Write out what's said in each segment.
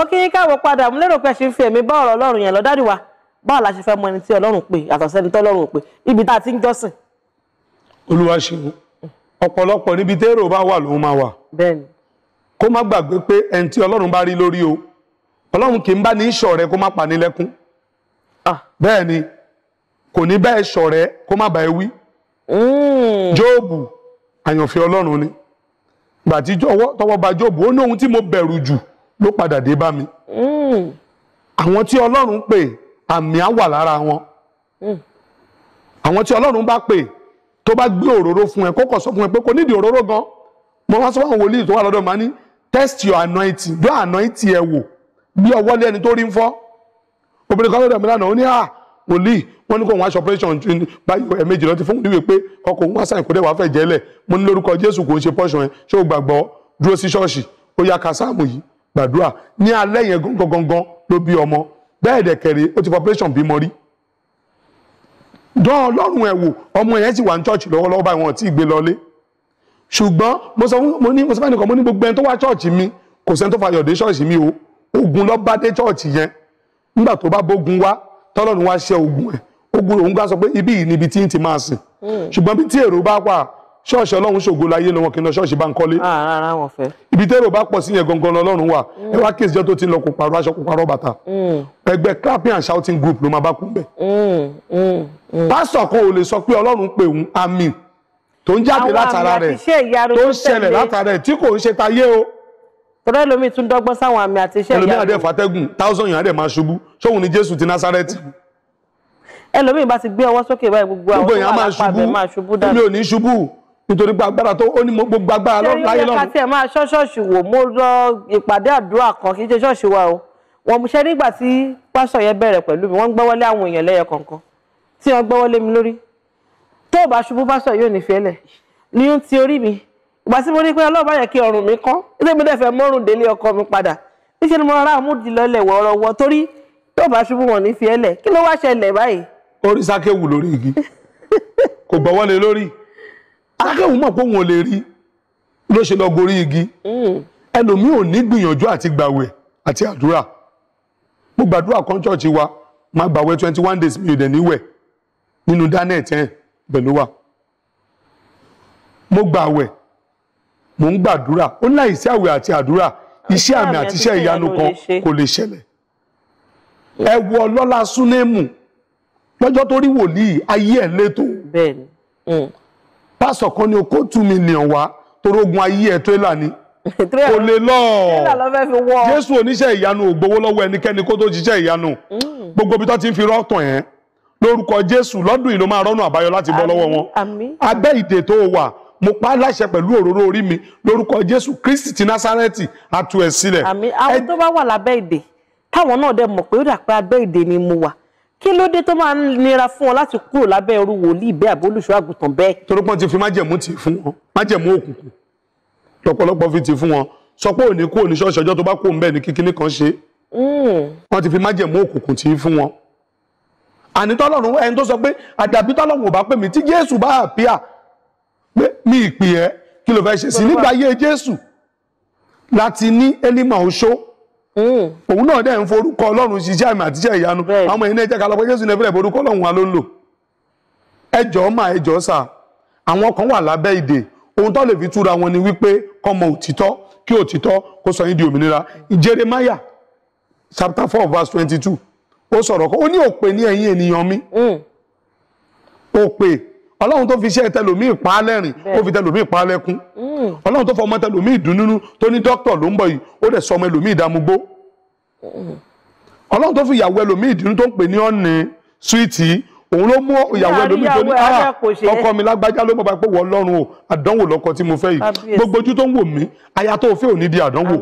mo kí yín káàbọ̀ padà mo lérò pé ṣe ń fi ẹ̀mí bá ọ̀rọ̀ ọlọ́run yẹn lọ dádì wa báwo la ṣe fẹ́ mọ ẹni tí ọlọ́run pè yàtọ̀ sẹ́ni tọ́lọ́run pè ibi tá a ti ń jọ́sìn. olúwa ṣeun ọ̀pọ̀lọpọ̀ níbi tẹ́rọ bá wà lòun máa wà. bẹ́ẹ̀ni. kó má gbàgbé pé ẹni tí ọlọ́run bá rí lórí o ọlọ́run kì í bá ní ṣọ̀rẹ́ kó má pa ní lẹ́kún. Ah. bẹ́ẹ̀ni kò ní bẹ́ẹ̀ ṣọ̀rẹ́ kó má bá ẹ wí. Hmm. jóòbù àyànfẹ́ ọlọ́run ni gbàtí tọwọ́ bá jóòbù ó ní ohun tí mo bẹ̀rù jù ló padà dé bá mi mm. àwọn tí ọlọ́run pè àmì á wà lára wọn mm. àwọn tí ọlọ́run bá pè tó bá gbé òróró fún ẹ kó kọ̀ sọ fún ẹ pé kò nídìí òróró gan mo wá sọ fún àwọn wòlíì tó wà lọ́dọ̀ màá ní test your anointing bí anointing ẹ wò bí ọwọ́ lé ẹni tó rí ń fọ́ obìnrin kan lọ́dọ̀ mi lánàá ó ní à wòlíì wọ́n ní kó wọ́n aṣọ operation báyìí ẹ̀mejì lọ́ti fún níwèé pé ọkọ̀ òun wá sáyìn kó dẹ̀ wá fẹ́ jẹ́lẹ̀ mo ní lórúkọ Jésù kò ń ṣe pọ́ṣọ yẹn ṣé o gbàgbọ́ dúró sí ṣọ́ọ̀ṣì ó yá ka sáàmù yìí gbàdúrà ní alẹ́ yẹn gangan gangan ló bí ọmọ bẹ́ẹ̀ dẹ̀ kẹ̀rẹ́ ó ti population bímọ rí dán ọlọ́run ẹ̀ wò ọmọ yẹn sì wà ní church lọ́wọ́lọ́wọ́ báyìí wọn ò tí ì gbé lọlé ṣùgbọ́n mo sọ fún mo ní mo sọ fún ẹnìkan mo ní gbogbo ẹni tó wá church mi kò sẹ́ni tó fayọ̀ dé church mi o ogun lọ bá dé church yẹn nígbà tó bá bógun wá tọ́lọ́run wá ṣẹ́ ogun ẹ̀ ogun òun gbà sọ pé ibí yìí ni ibi tí ń ti máa sìn hmm. ṣùgbọ́n bí tí èrò bá wà ṣọ́ọ̀ṣì ọlọ́run ṣògo láyé lọ́wọ́ kí n lọ ṣọ́ọ̀ṣì bá ń kọ́lé. Ah, rárá wọn fẹ́. ibi tẹ́rọ bá pọ̀ sí yẹn gangan ọlọ́run wà mm. ẹ wá kí ìṣẹ́jọ́ tó ti lọ kó parọ́ aṣọ kó parọ́ bàtà. Mm. ẹgbẹ́ clapping and shouting group ló máa bá kú bẹ̀. Mm, pásítọ̀ kan ò lè sọ pé ọlọ́run pè ń àmì tó ń jáde látara rẹ̀ tó ń ṣẹlẹ̀ látara rẹ̀ tí kò ń ṣe tayé o. tọ́lá lomi tún dọ́gbọ́n sáwọn àmì àti iṣẹ́ ìyá rẹ̀ ẹlòmíì bá ti gbé ọwọ́ sókè báyìí gbogbo àwọn tó wà máa ṣubú dáadáa. mi ò ní ṣubú nítorí pé agbára tó ó ní mo gbogbo agbára lọ láyé lọ́run. ṣé ká tiẹ̀ máa ṣọ́ ṣọ́ọ̀ṣì wò mo lọ ìpàdé àdúrà kan kì í ṣe ṣọ́ọ̀ṣì wa o wọn mo ṣe nígbà tí pásítọ̀ yẹn bẹ̀rẹ̀ pẹ̀lú mi wọ́n ń gbọ́wọ́lé àwọn èèyàn lẹ́yọ kọ̀ọ̀kan tí wọ́n gbọ́wọ́lé mi lórí tó o bá ṣubú pásítọ̀ yóò nífẹ̀ẹ́ lẹ̀ ní ó ti orí mi ìgbà tí mo ní pé ọlọ́ọ̀bá yẹ kí ọrùn mi kán ilé mi dẹ̀fẹ̀ mọ́rùn délé ọkọ mi padà níṣẹ́ ni mo rárá àmúdìlọ́lẹ̀ wọ̀ọ́rọ̀wọ́ torí tó o bá ṣubú wọn nífẹ̀ẹ́ lẹ̀ kí ló wá ṣẹlẹ̀ báyìí. orí sákéwù lórí igi kò gbọ́wọ́lé lórí akẹ́kọ̀ọ́ mọ̀ pé wọn ò lè rí ló ṣe lọ gorí igi hmm. ẹlòmíì ò ní gbìyànjú àti gbàwẹ̀ àti àdúrà mo gbàdúrà kan church wa máa gbàwẹ̀ twenty one days mi ò dẹ̀ níwẹ̀ nínú daniel ten pẹ̀lú wa mo gbàwẹ̀ mo ń gbàdúrà ó ní láì sí àwẹ̀ àti àdúrà iṣẹ́ àmì àti iṣẹ́ ìyanu kan kò lè ṣẹlẹ̀ ẹ wo ọlọ́lá súnémù lọ́jọ́ tó rí wòlíì ayé ẹ̀ létò pásọ̀ kan ni o kó two million wá torógun ayé ẹ̀ tírélà ni kò lè lọ jésù oníṣẹ́ ìyanu ò gbowó lọ́wọ́ ẹnikẹ́ni kó tó jíṣẹ́ ìyanu mm. gbogbo ibi tó ti ń fi rọ́tàn ẹ̀ lórúkọ jésù lọ́dún yìí ló máa rọ́nà àbáyọ láti bọ́ lọ́wọ́ wọn abẹ́ ìdè tó wà mo pa láṣẹ pẹ̀lú òróró orí mi lórúkọ jésù kristi ti násárẹ́tì àtú ẹ̀ sílẹ̀. àmín àwọn tó bá wà lábẹ́ ìdè táwọn náà dẹ̀ mọ̀ pé ó dà pé abẹ́ ìdè ni mo wà kí ló dé tó máa ń nira fún ọ láti kúrò lábẹ́ irú wòlíì bẹ́ẹ̀ àbí olùṣọ́ àgùntàn bẹ́ẹ̀. torí pọ́n ti fi májẹ̀mú tì fún wọn májẹ̀mú òkùnkùn lọ́pọ̀lọpọ̀ fi tì fún wọn sọ pé òní kú òní ṣọ́ọ̀ṣì ọjọ́ tó bá kú òun bẹ́ẹ̀ ni kíkíní kan ṣe. Hmm. wọ́n ti fi májẹ̀mú òkùnkùn tì fún wọn. àní tọ́lọ́run ẹni tó sọ pé àdàbí tọ́lọ́run ò bá pè mí tí Jésù Hmm. òun náà dẹ̀ ń forúkọ ọlọ́run ṣiṣẹ́ àmì àtiṣẹ́ ìyanu àwọn èèyàn ẹ̀jẹ̀ kalọ́pọ̀ jésù ní ẹ̀fẹ́lẹ̀ forúkọ ọlọ́run wa ló ń lò ẹjọ́ mà ẹjọ́ sà àwọn kan wà lábẹ́ ìdè ohun tó lè fi túra wọn ni wípé kọ́mọ òtítọ́ kí òtítọ́ kó sọ yín di òmìnira jeremiah chapter four verse twenty two ó sọ̀rọ̀ kọ́ ó ní òpè ní ẹ̀yin ènìyàn mi hmm. òpè ọlọ́run tó fi iṣẹ́ tẹlòmíì pa á lẹ́rìn ó fi tẹlòmíì pa á lẹ́kún hmm. ọlọ́run tó fọmọ tẹlòmíì dùnúnú tó ní dókítà ló ń bọ̀ yìí ó dẹ̀ sọmọ ẹlòmíì dàmúgbó hmm. ọlọ́run tó fi ìyàwó ẹlòmíì dùnú tó ń pè ní ọ̀nì súwìtì òun ló mú ìyàwó ẹlòmíì tó ní ara ah, ọkọ mi lágbájá ló mọ̀ bá pé wọ́n lọ́rùn o àdánwò lọ́kọ tí mo fẹ́ yìí gbogbo ojú tó ń wò mí aya tó fẹ́ ò ní di àdánwò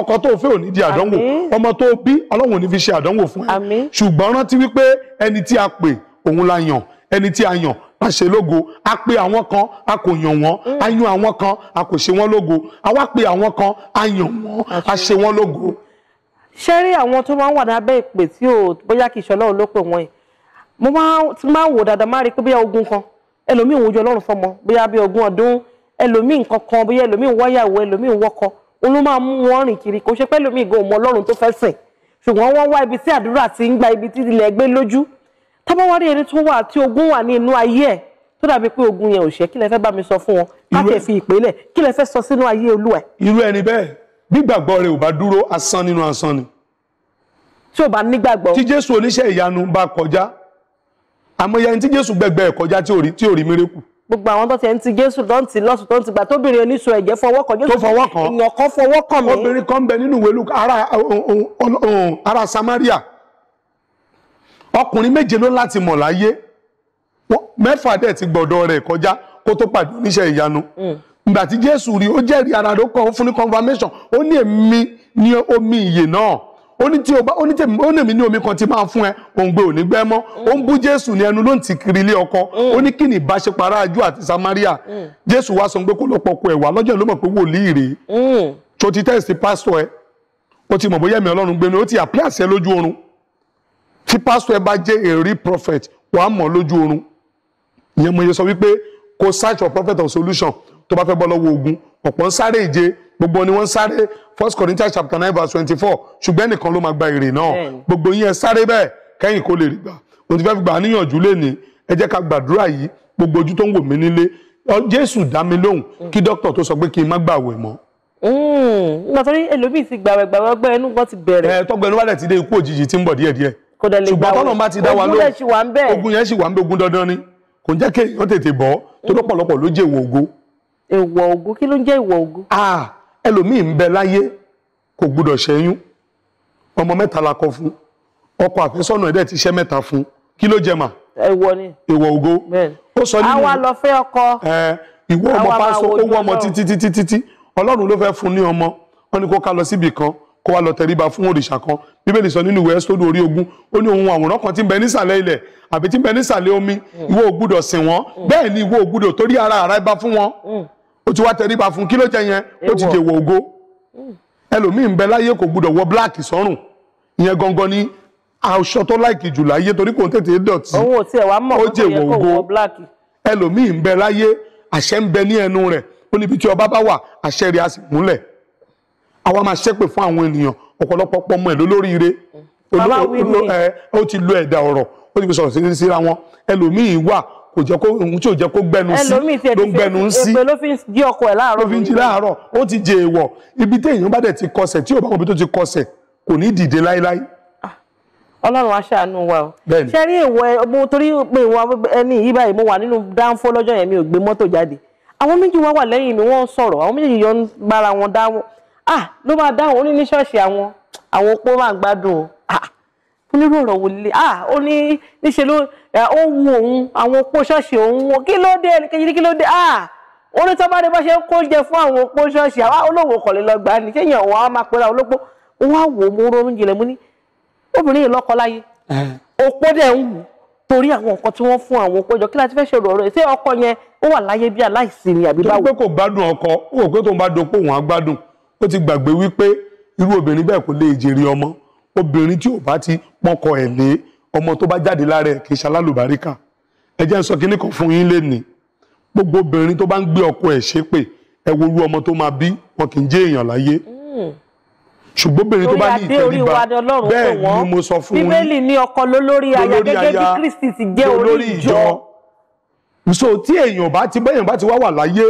ọkọ tó fẹ́ ò ní di àdánwò ọmọ tó bí ọlọ́run ò ní fi ṣe àdánwò fún ẹ ṣùgbọ́n rántí wípé ẹni tí a pè òun la yàn ẹni tí a yàn a ṣe lógo a pe àwọn kan a kò yàn wọ́n a yan àwọn kan a kò ṣe wọ́n lógo a wá pe àwọn kan a yàn wọ́n a ṣe wọ́n lógo. ṣé rí àwọn tó máa ń wà lábẹ́ ìpè tí ò bóyá kì í ṣe ọlọ́run ló pè wọ́n yìí mo máa ń wò dáadáa máa rí pé bóyá ogun kan ẹlòmíì ń ọlọ́run fọmọ bóyá bí ogún ọdún ẹlòmíì nǹkan bóyá ẹlòmíì wáyàwó ẹlòmíì wọ́kọ òun ló máa mú wọn rìn kiri kò ṣe pé ẹlòmíì gan ò ọlọ́run tó fẹ́ sìn ṣùgbọ́n wọ́n wá ibi tí àdúrà ti ń gba ibi tí ilẹ̀ gbé lójú tó bá wá rí ẹni tó wà tí ogun wà ní inú ayé ẹ̀ tó dàbí pé ogun yẹn ò ṣẹ́ kí lẹ fẹ́ bá mi sọ fún wọn láti fi ìpínlẹ̀ kí lẹ fẹ́ sọ sínú ayé olú ẹ̀. irú ẹni bẹ́ẹ̀ gbígbàgbọ́ rẹ̀ ò bá dúró asán nínú asán ni. tí ò bá nígbàgbọ́. tí jésù oníṣẹ́ ìyanu bá kọjá àmọ́ yẹn tí jésù gbẹgbẹ ẹ̀ kọjá tí ò rí mérekù gbogbo àwọn tó ti ẹ̀ ń ti jésù tó lọ́sùn tó ń ti gbà tóbìnrin oníṣòwò ara Samaria ọkùnrin méje ló láti mọ̀ láyé mẹ́fà dẹ̀ ti gbọ̀dọ̀ rẹ̀ kọjá kó tó pàdé oníṣẹ́ ìyanu mm. ìgbà tí jésù rí ó jẹ́rìí ara rẹ̀ ó kọ́ fún ní confirmation ó ní èmi ní omi ìyè náà ó ní tí o bá ó ní tèmi ó ní èmi ní omi kan tí máa fún ẹ òun gbé òní gbẹ mọ́ mm. ó ń bú jésù ní ẹnu ló ń ti kiri ilé ọkọ mm. ó ní kí ni ìbáṣepọ̀ ara ajú àti samaria jésù wá sọ pé kó ló pọkọ ẹ̀ wá lọ́jọ́ ló mọ̀ pé wòlíì rèé tó ti tẹ̀sí pásítọ̀ ẹ ó ti mọ̀ bóyá ẹ̀mí ọlọ́run gbénu ó ti àpí lójú oorun tí pásítọ̀ ẹ bá jẹ́ a prophet wàá mọ̀ lójú oorun ìyẹn mo yẹ sọ wípé kò search for prophet of solution tó bá fẹ́ bọ́ lọ́wọ́ ogun ọ̀pọ̀ ń sáré ìje gbogbo ni wọ́n ń sáré first corinthians chapter nine verse twenty-four ṣùgbọ́n ẹnìkan ló máa gba èrè náà gbogbo yín ẹ sáré bẹ́ẹ̀ kẹ́yìn kó lè rí gbà mo ti fẹ́ fi gbà á níyànjú lénìí ẹ jẹ́ ká gbàdúrà yìí gbogbo ojú tó ń wò mí nílé jésù dá mi lóhùn kí dókítà tó sọ pé kí n má gbààwẹ̀ mọ́ hmm. nígbà ẹlòmíì ti gbàwẹ̀ gbàwẹ̀ ọgbẹ́ ẹnu kan ti bẹ̀rẹ̀. ẹ tọgbẹ́ ẹnu wálẹ̀ ti dé ikú òjijì tí ń bọ̀ díẹ̀díẹ̀ kò dẹ̀ lè gbà wọ́n ṣùgbọ́n tọ́lọ́mọba ti dá wa ló ogun yẹn sì wà ń bẹ ogun dandan ni kò ń jẹ́ kéèyàn tètè bọ́ tó lọ́pọ̀lọpọ̀ ló jẹ́ ìwọ̀ ògo. ìwọ̀ ògo kí ló ń jẹ́ ìwọ̀ ògo. ẹlòmíì ń bẹ láyé kò gbúdọ̀ ṣẹ́yún ọmọ mẹ́ta la kọ fún ọkọ àfẹ́sọ́nà ẹ̀dẹ̀ ti ṣẹ́ mẹ́ta fún kí ló jẹ mà. ìwọ ni ìwọ ògo. ó sọ nínú àwa lọ fẹ́ ọkọ. ìwọ ọmọ pásọ ó ọmọ títí títí títí ọlọ́run ló fẹ́ fún ní ọmọ wọn ni kó ká lọ síbì kan kó wá lọ tẹríba fún òrìṣà kan bíbélì sọ nínú ìwé ẹ́sítọ́dù orí ogún ó ní ohun àwòrán kan tí ń bẹ nísàlẹ̀ ilẹ̀ àbí tí ń bẹ nísàlẹ̀ omi hmm. ìwọ ò gbúdọ̀ sìn wọ́n hmm. bẹ́ẹ̀ ni ìwọ ò gbúdọ̀ torí ara àrá bá fún wọn ó hmm. ti wá tẹríba fún kí ló jẹ yẹn ó ti dèwọ̀ ògo ẹlòmíì bẹ láyé kò gbúdọ̀ wọ bíláàkì sọ́rùn ìyẹn gangan ni aṣọ tó láìkì jù láyé torí kò ń tètè dọ̀tí ó dèwọ̀ ògo ẹlòmíì ń bẹ láyé àṣẹ ń bẹ ní ẹnu rẹ̀ ó níbi tí ọba bá wà àṣẹ rẹ̀ á sì múlẹ̀ àwa máa ṣépè fún àwọn ènìyàn ọ̀pọ̀lọpọ̀ pọ̀ mọ́ ẹ̀ lólóríire ó ti lo ẹ̀dà ọ̀rọ̀ ó ti fi sọ̀rọ̀ sí síra wọn ẹlòmíì wà kò jẹ́ kó ohun tí ò jẹ́ kó gbẹnu sí ló ń gbẹnu sí ló fi ń jí ọkọ ẹ̀ láàárọ̀ ló fi ń jí láàárọ̀ ó ti jẹ èèwọ̀ ibi tí èèyàn bá dẹ̀ ti kọsẹ̀ tí ò bá wọn bí tó ti kọsẹ̀ kò ní dìde láéláé. Ah, Ọlọ́run aṣàánú wa o ṣe rí èèwọ̀ ẹ mo torí pé ìwọ ẹni yìí báyìí mo wà nínú dáńfó lọ́jọ́ yẹn mi ò gbé mọ́tò jáde àwọn méjì wá wà lẹ́yìn mi wọ́n sọ̀rọ̀ àwọn méjì yọ bára wọn dáwọ́ ah ló máa dá àwọn oníní ṣọ́ọ̀ṣì àwọn àwọn opó máa gbádùn o ah onírú ọ̀rọ̀ wò lè ah ó ní níṣe ló eh, ó wu òun àwọn opó ṣọ́ọ̀ṣì òun kí ló dé ẹnìkejì ní kí ló dé ah orí tó bá dé bá ṣe ń kó jẹ fún àwọn opó ṣọ́ọ̀ṣì àwa olówó kọ̀lélọ́gbà ni ṣé èèyàn wọn á máa pera olópó wọn á wò ó mo ronú jinlẹ̀ mo ní obìnrin yìí lọ́kọ láyé eh. opó dẹ̀ ń wù torí àwọn nǹkan tí wọ́n fún àwọn opó jọ kí láti fẹ́ ṣe rọ̀rọ̀ ṣé ọkọ yẹn ó wà láyé bí aláìsí ni àbí báwo. tó pé kò gbádùn ọkọ ó tó ń bá dopó wọn á gbádùn ó ti gbàgbé wípé irú obìnrin bẹ́ẹ̀ kò lè jèrè ọmọ obìnrin tí ò bá ti pọkọ ẹ̀ lé ọmọ tó bá jáde lára ẹ̀ kì í ṣalálùbáríkà ẹ jẹ́ n sọ kínní kan fún yín lénìí gbogbo obìnrin tó bá ń gbé ọkọ ẹ̀ ṣépè ẹ wo irú ọmọ tó máa bí wọn kì í jẹ́ èèyàn láyé hmm. ṣùgbọ́n obìnrin tó bá ní ìtẹríba bẹ́ẹ̀ ni mo sọ fún yín bíbélì Kristi ti jẹ́ olórí ìjọ so tí èèyàn bá ti bẹ́yàn bá ti wá wà láyé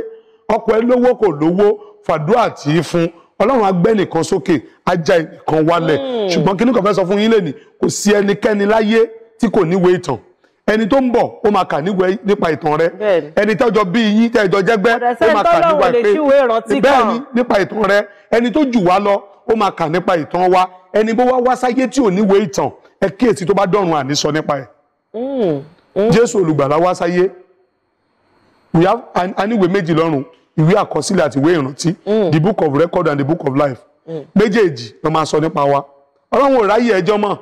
ọkọ ẹ lówó kò lówó fàdúrà tì í fún ọlọ́run agbẹ́ nìkan sókè ajá nìkan wálẹ̀ hmm. ṣùgbọ́n kí ni kò fẹ́ sọ fún yín lẹ́nìí kò sí ẹnikẹ́ni láyé tí kò níwèé ìtàn ẹni tó ń bọ̀ ó máa kà níwèé nípa ìtàn rẹ ẹni tẹ́jọ bí yín tẹ́jọ jẹ́gbẹ́ ó máa kà nípa ìpè bẹ́ẹ̀ ni nípa ìtàn rẹ ẹni tó jù wá lọ ó máa kà nípa ìtàn wa ẹni bó wá wá sáyé tí ò níwèé ìtàn ẹ kíyèsí tó bá dọ̀run àníṣọ nípa ẹ̀ hmm. Hmm. jésù olùgbàlà wá sáyé a méjì lọ́rùn ìwé àkọsílẹ̀ àti ìwé ìrántí mm. the book of record and the book of life mm. méjèèjì ló máa sọ nípa wa ọlọ́run ò ráyè ẹjọ́ mọ́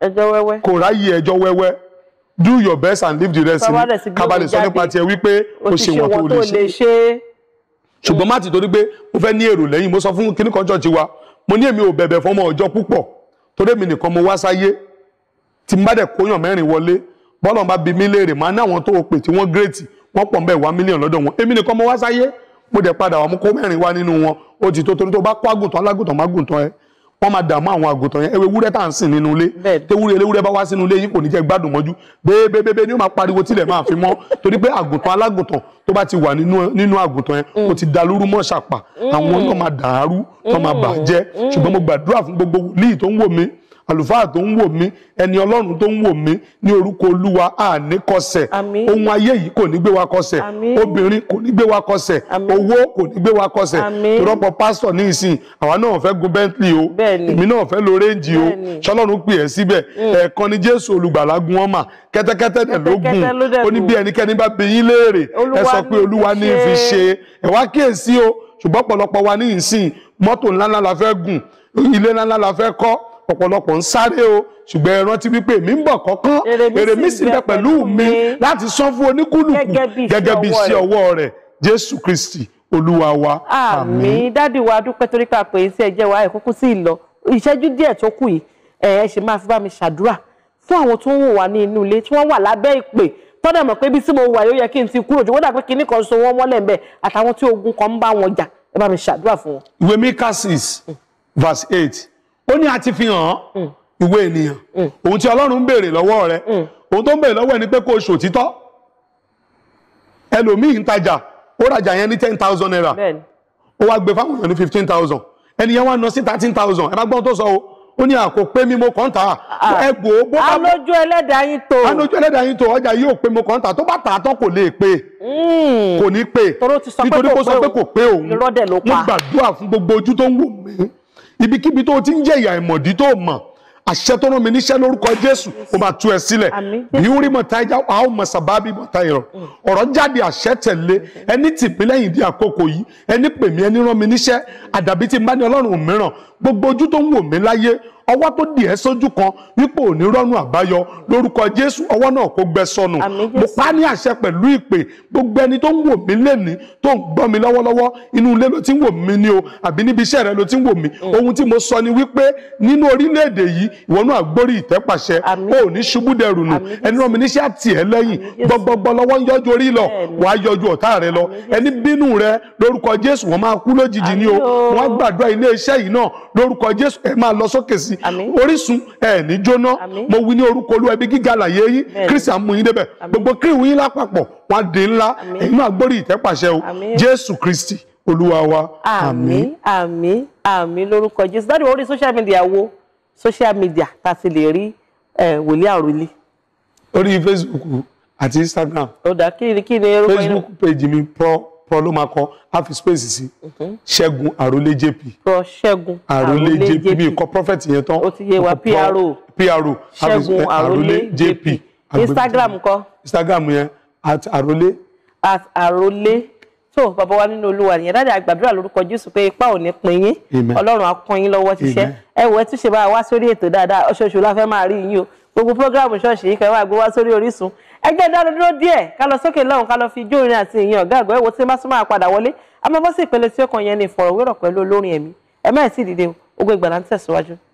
ẹjọ́ wẹ́wẹ́ kò ráyè ẹjọ́ wẹ́wẹ́ do your best and leave the rest in kábàlẹ̀ sọ nípa tiẹ̀ wípé o ṣe wọn tó lè ṣe ṣùgbọ́n má ti torí pé mo fẹ́ ní èrò lẹ́yìn mo sọ fún kíní kan ṣọ́ọ̀ṣì wa mo ní èmi ò bẹ̀bẹ̀ fọmọ ọjọ́ púpọ̀ torí mi nìkan mo wá sáyé tí n bá dẹ̀ kóyàn mẹ́rin wọlé bọ́lọ̀ bá bi mí léèrè máa ní àwọn tó o pè tí wọ́n gírètì wọ́n pọ̀ ń bẹ̀ wá mílíọ̀n lọ́dọ̀ wọn èmi nìkan mo wá sáyé mo dẹ̀ padà wà mú kó mẹ́rin wá nínú wọn ó ti tó torí tó bá kó àgùntàn alágùntàn má gùntàn ẹ wọ́n máa dààmú àwọn àgùntàn yẹn ewé wúrẹ́ tá à ń sìn nínú ilé tewúrẹ́ eléwúrẹ́ bá wá sínú ilé yín kò ní jẹ́ gbádùn mọ́jú bébébébé ni ó máa pariwo tílẹ̀ máa fi mọ́ torí pé àgùntàn alágùntàn tó bá ti wà nínú àgùntàn yẹn ó ti dalúrú mọ́ ṣàpà àwọn náà máa dàárú tó máa bàjẹ́ mm. Mm. ṣùgbọ́n mo gbàdúrà fún gbogbo líì tó ń wò mí àlùfáà tó ń wò mí ẹni ọlọ́run tó ń wò mí ní orúkọ olúwa àní kọsẹ̀ ohun ayé yìí kò ní gbé wa kọsẹ̀ obìnrin kò ní gbé wa kọsẹ̀ owó kò ní gbé wa kọsẹ̀ ìrọ́pọ̀ pásítọ̀ ní ìsìn àwa náà fẹ́ gun bentley o èmi náà fẹ́ lo réǹjì o ṣọlọ́run pè ẹ́ síbẹ̀ mm. ẹ̀ẹ̀kan ni jésù olùgbàlà gun ọmọ kẹ́tẹ́kẹ́tẹ́ dẹ̀ ló gùn ó ní bí ẹnikẹ́ni bá bi yín léèrè ẹ sọ pé olúwa ní fi ṣe ẹ wá kíyèsí o ṣùgbọ́n ọ̀pọ̀lọpọ̀ wa ní ìsìn mọ́tò ńláńlá la fẹ́ gùn ilé ńláńlá la fẹ́ kọ́ ọ̀pọ̀lọpọ̀ ń sáré o ṣùgbọ́n ẹ rántí wípé èmi ń bọ̀ kọ́kán èrè mi sì bẹ pẹ̀lú mi láti san fún oníkúlùkù gẹ́gẹ́ bí iṣẹ́ ọwọ́ rẹ̀ Jésù Kristi Olúwa wa. àmín dádì wa dúpẹ́ torí ká pè é sí ẹ̀jẹ̀ wa ẹ̀kúkú sí ìlọ ìṣẹ́jú díẹ̀ tó kù yìí ẹ ṣe máa fi bá mi ṣàdúrà fún àwọn tó ń wò wá ní inú ilé tí wọ́n wà lábẹ́ ìpè tọ́dà mọ̀ pé ibi tí mo wà yóò yẹ kí n ti kúrò jù wọ́n dà pé kinní kan so wọ́n mọ́lẹ̀ ń bẹ̀ àtàwọn tí ogun kan ń bá wọn jà ẹ bá mi ṣàdúrà fún wọn. ìwé Míkà six verse eight ó ní a ti fi hàn án mm. ìwé ènìyàn mm. ohun tí ọlọ́run ń béèrè lọ́wọ́ rẹ mm. ohun tó ń béèrè lọ́wọ́ ẹ ni pé kó o ṣòtítọ́ ẹlòmíì ń tajà ó rajà yẹn ní ten thousand naira ó wá gbé fáwọn èèyàn ní fifteen thousand ẹni yẹn wá ná sí thirteen thousand ẹ bá gbọ́n tó sọ o ó ní àkó pé mímọ kọ́ńtà ẹ gbò ó bó bá. alójú ẹlẹ́dàá yín tó. alójú ẹlẹ́dàá yín tó ọjà yóò pé mọ kọ́ńtà tó bá tà á tán kò lè pé. kò ní pé nítorí kó sọ pé kò pé òun mo gbàdúrà fún gbogbo ojú tó ń wò mí ibikíbi tó ti ń jẹ ìyà ìmọ̀dí tó mọ̀ àṣẹ tó rán mi níṣẹ́ lórúkọ Jésù ó máa tú ẹ sílẹ̀ bí ó rí a ó mọ̀ sábàbí mọ̀tá ìrọ̀ ọ̀rọ̀ jáde àṣẹ tẹ̀lé ẹni tì mí lẹ́yìn di àkókò yìí ẹni pè mí ẹni rán mi níṣẹ́ àdàbí tí n bá ní Ọlọ́run mìíràn gbogbo ojú tó ń wò mí láyé ọwọ́ tó dì ẹ́ sójú kan wípé ò ní rọ́nù àbáyọ lórúkọ jésù ọwọ́ náà kó gbẹ sọnù mo pa ní àṣẹ pẹ̀lú ìpè gbogbo ẹni tó ń wò mí lẹ́ni tó ń gbọ́ mi lọ́wọ́lọ́wọ́ inú ilé ló ti ń wò mí ni o àbí níbi iṣẹ́ rẹ ló ti ń wò mí mm. ohun tí mo sọ ni wípé nínú orílẹ̀-èdè yìí ìwọ náà gbórí ìtẹ́ pàṣẹ o ò ní ṣubú dẹrù nù ẹni rán mi níṣẹ́ àti ẹ̀ lẹ́yìn gbọgbọgbọ lọ́wọ́ ń yọjú orí lọ wàá yọjú ọ̀tá rẹ lọ ẹni bínú rẹ lórúkọ jésù wọn máa kú lójijì ni o wọn gbàdúrà ilé yìí náà lórúkọ jésù ẹ máa lọ sókè sí sí orísun ẹ ní jóná mo wí ní orúkọ olúwa ibi gíga àlàyé yín kristi àmú yín débẹ̀ gbogbo kírìwù yín lápapọ̀ wọn á di ńlá ẹ̀yin máa gbórí ìtẹ́pàṣẹ o jésù kristi olúwa wa àmín àmín àmín lórúkọ jésù dáàdi wọn rí social media wo social media tá a ti lè rí wòlíì àròlé. orí facebook àti instagram. ó dà kí ni kí ni facebook page mi pro pro ló máa kọ á fi space sí ṣẹ́gun àrólé jp. pro ṣẹ́gun àrólé jp mi kọ prophet yẹn tán. o ti yé wa pro pro ṣẹ́gun àrólé eh, jp. instagram kọ. instagram yẹn at àrólé. at àrólé tó bàbá wa nínú olúwa nìyẹn dáadáa gbàdúrà lórúkọ jésù pé ipa ò ní pin yín ọlọ́run á kún yín lọ́wọ́ ṣiṣẹ́ ẹ wò ẹ tún ṣe bá wa sórí ètò dáadáa ọṣooṣù la máa rí yín o gbogbo programu ṣọ́ọ̀ṣì yìí kẹ́ wá gbé wá sórí orísun ẹgbẹ́ dánudúró díẹ̀ ká lọ sókè lọ́hùn ká lọ fi ijó orin àti ìyìn ọ̀gá àgbọ̀ ẹ̀wò tí má súnmọ́ àpadà wọlé a máa bọ́ sí ìpele tí ó kàn yẹn ní ìfọ̀rọ̀wérọ̀ pẹ̀lú olórin ẹ̀mí ẹ má ẹ̀ sì dìde Ògo Ìgbàlà ń tẹ̀síwájú.